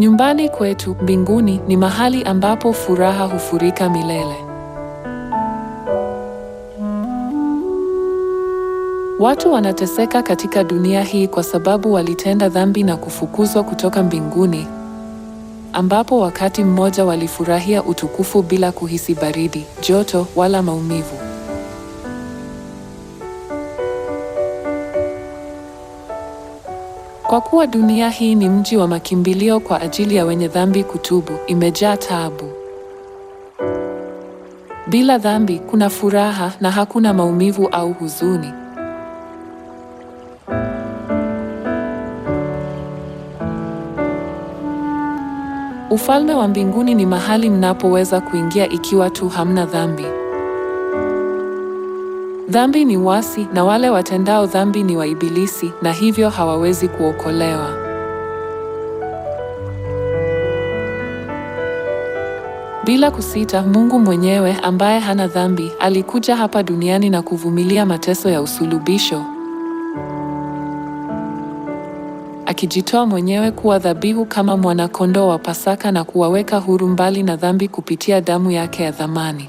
Nyumbani kwetu mbinguni ni mahali ambapo furaha hufurika milele. Watu wanateseka katika dunia hii kwa sababu walitenda dhambi na kufukuzwa kutoka mbinguni, ambapo wakati mmoja walifurahia utukufu bila kuhisi baridi, joto wala maumivu. Kwa kuwa dunia hii ni mji wa makimbilio kwa ajili ya wenye dhambi kutubu, imejaa taabu. Bila dhambi kuna furaha na hakuna maumivu au huzuni. Ufalme wa mbinguni ni mahali mnapoweza kuingia ikiwa tu hamna dhambi. Dhambi ni uasi na wale watendao dhambi ni waibilisi na hivyo hawawezi kuokolewa. Bila kusita, Mungu mwenyewe ambaye hana dhambi alikuja hapa duniani na kuvumilia mateso ya usulubisho, akijitoa mwenyewe kuwa dhabihu kama mwanakondoo wa Pasaka na kuwaweka huru mbali na dhambi kupitia damu yake ya thamani.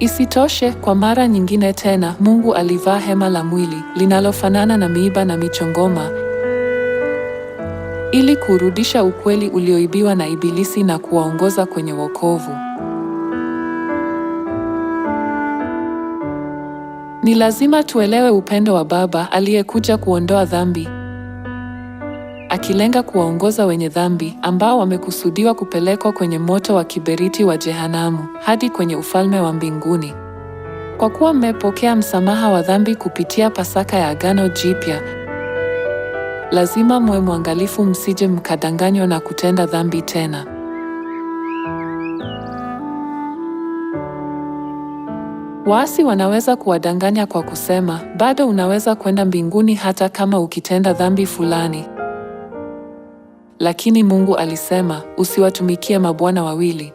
Isitoshe, kwa mara nyingine tena, Mungu alivaa hema la mwili linalofanana na miiba na michongoma ili kurudisha ukweli ulioibiwa na Ibilisi na kuwaongoza kwenye wokovu. Ni lazima tuelewe upendo wa Baba aliyekuja kuondoa dhambi akilenga kuwaongoza wenye dhambi ambao wamekusudiwa kupelekwa kwenye moto wa kiberiti wa jehanamu hadi kwenye ufalme wa mbinguni. Kwa kuwa mmepokea msamaha wa dhambi kupitia Pasaka ya Agano Jipya, lazima mwe mwangalifu msije mkadanganywa na kutenda dhambi tena. Waasi wanaweza kuwadanganya kwa kusema, bado unaweza kwenda mbinguni hata kama ukitenda dhambi fulani lakini Mungu alisema, usiwatumikie mabwana wawili.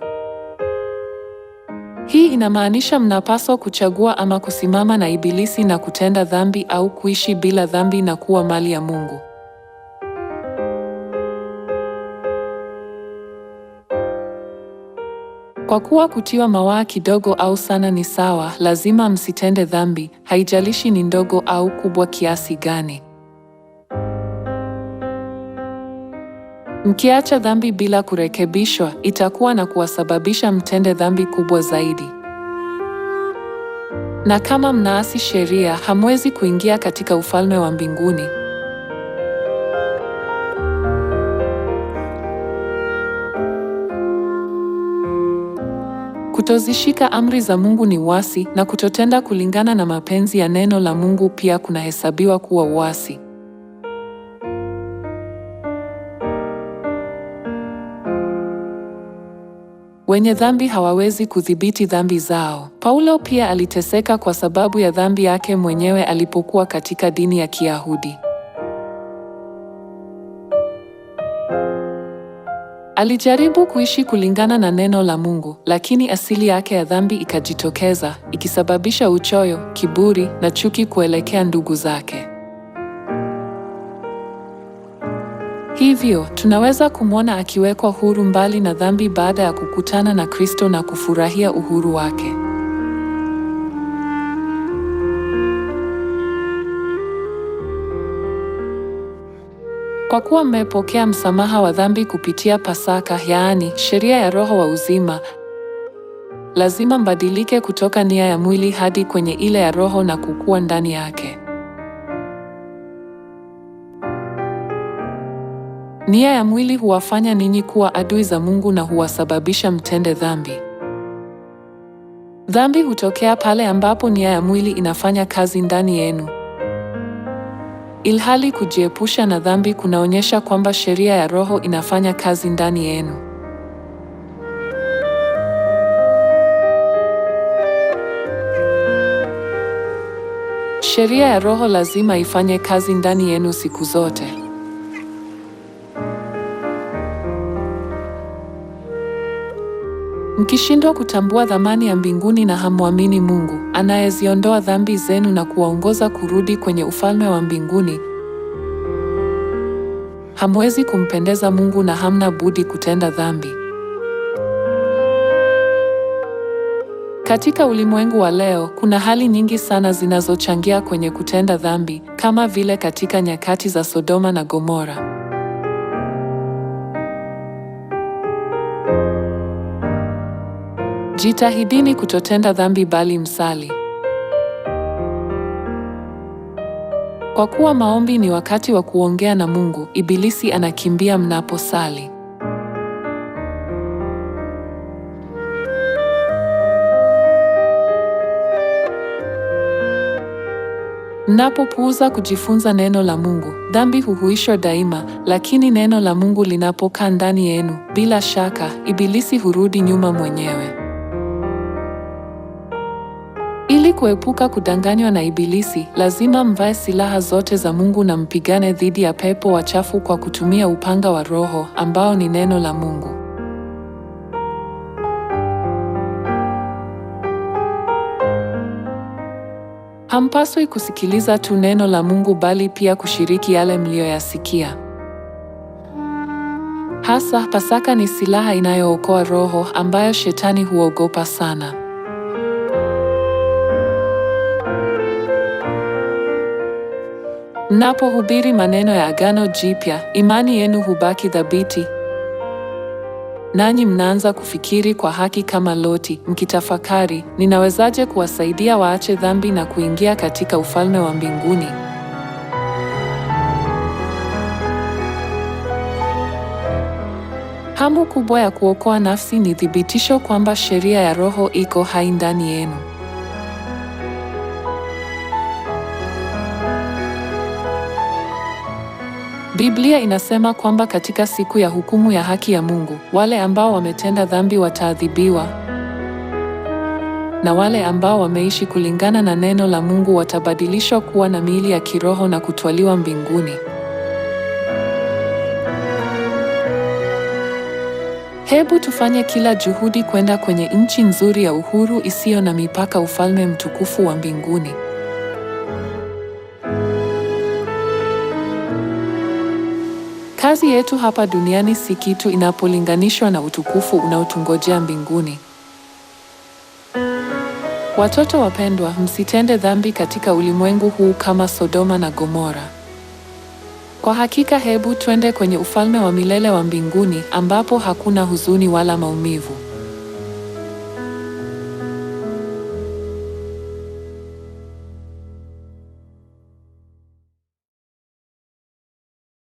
Hii inamaanisha mnapaswa kuchagua ama kusimama na Ibilisi na kutenda dhambi au kuishi bila dhambi na kuwa mali ya Mungu. Kwa kuwa kutiwa mawaa kidogo au sana ni sawa, lazima msitende dhambi, haijalishi ni ndogo au kubwa kiasi gani. Mkiacha dhambi bila kurekebishwa, itakuwa na kuwasababisha mtende dhambi kubwa zaidi. Na kama mnaasi sheria, hamwezi kuingia katika ufalme wa mbinguni. Kutozishika amri za Mungu ni uasi na kutotenda kulingana na mapenzi ya neno la Mungu pia kunahesabiwa kuwa uasi. wenye dhambi hawawezi kudhibiti dhambi zao. Paulo pia aliteseka kwa sababu ya dhambi yake mwenyewe alipokuwa katika dini ya Kiyahudi. Alijaribu kuishi kulingana na neno la Mungu, lakini asili yake ya dhambi ikajitokeza, ikisababisha uchoyo, kiburi na chuki kuelekea ndugu zake. Hivyo, tunaweza kumwona akiwekwa huru mbali na dhambi baada ya kukutana na Kristo na kufurahia uhuru wake. Kwa kuwa mmepokea msamaha wa dhambi kupitia Pasaka, yaani sheria ya Roho wa uzima, lazima mbadilike kutoka nia ya mwili hadi kwenye ile ya Roho na kukua ndani yake. Nia ya mwili huwafanya ninyi kuwa adui za Mungu na huwasababisha mtende dhambi. Dhambi hutokea pale ambapo nia ya mwili inafanya kazi ndani yenu. Ilhali kujiepusha na dhambi kunaonyesha kwamba sheria ya Roho inafanya kazi ndani yenu. Sheria ya Roho lazima ifanye kazi ndani yenu siku zote. Mkishindwa kutambua dhamani ya mbinguni na hamwamini Mungu anayeziondoa dhambi zenu na kuwaongoza kurudi kwenye ufalme wa mbinguni, hamwezi kumpendeza Mungu na hamna budi kutenda dhambi. Katika ulimwengu wa leo kuna hali nyingi sana zinazochangia kwenye kutenda dhambi, kama vile katika nyakati za Sodoma na Gomora. Jitahidini kutotenda dhambi bali msali. Kwa kuwa maombi ni wakati wa kuongea na Mungu, ibilisi anakimbia mnaposali. Mnapopuuza kujifunza neno la Mungu, dhambi huhuishwa daima, lakini neno la Mungu linapokaa ndani yenu, bila shaka, ibilisi hurudi nyuma mwenyewe. Ili kuepuka kudanganywa na Ibilisi, lazima mvae silaha zote za Mungu na mpigane dhidi ya pepo wachafu kwa kutumia upanga wa Roho ambao ni neno la Mungu. Hampaswi kusikiliza tu neno la Mungu bali pia kushiriki yale mliyoyasikia. Hasa Pasaka ni silaha inayookoa roho ambayo shetani huogopa sana. Mnapohubiri maneno ya Agano Jipya, imani yenu hubaki thabiti, nanyi mnaanza kufikiri kwa haki kama Loti, mkitafakari, ninawezaje kuwasaidia waache dhambi na kuingia katika ufalme wa mbinguni? Hamu kubwa ya kuokoa nafsi ni thibitisho kwamba sheria ya Roho iko hai ndani yenu. Biblia inasema kwamba katika siku ya hukumu ya haki ya Mungu, wale ambao wametenda dhambi wataadhibiwa na wale ambao wameishi kulingana na neno la Mungu watabadilishwa kuwa na miili ya kiroho na kutwaliwa mbinguni. Hebu tufanye kila juhudi kwenda kwenye nchi nzuri ya uhuru isiyo na mipaka, ufalme mtukufu wa mbinguni. Kazi yetu hapa duniani si kitu inapolinganishwa na utukufu unaotungojea mbinguni. Watoto wapendwa, msitende dhambi katika ulimwengu huu kama Sodoma na Gomora. Kwa hakika, hebu twende kwenye ufalme wa milele wa mbinguni ambapo hakuna huzuni wala maumivu.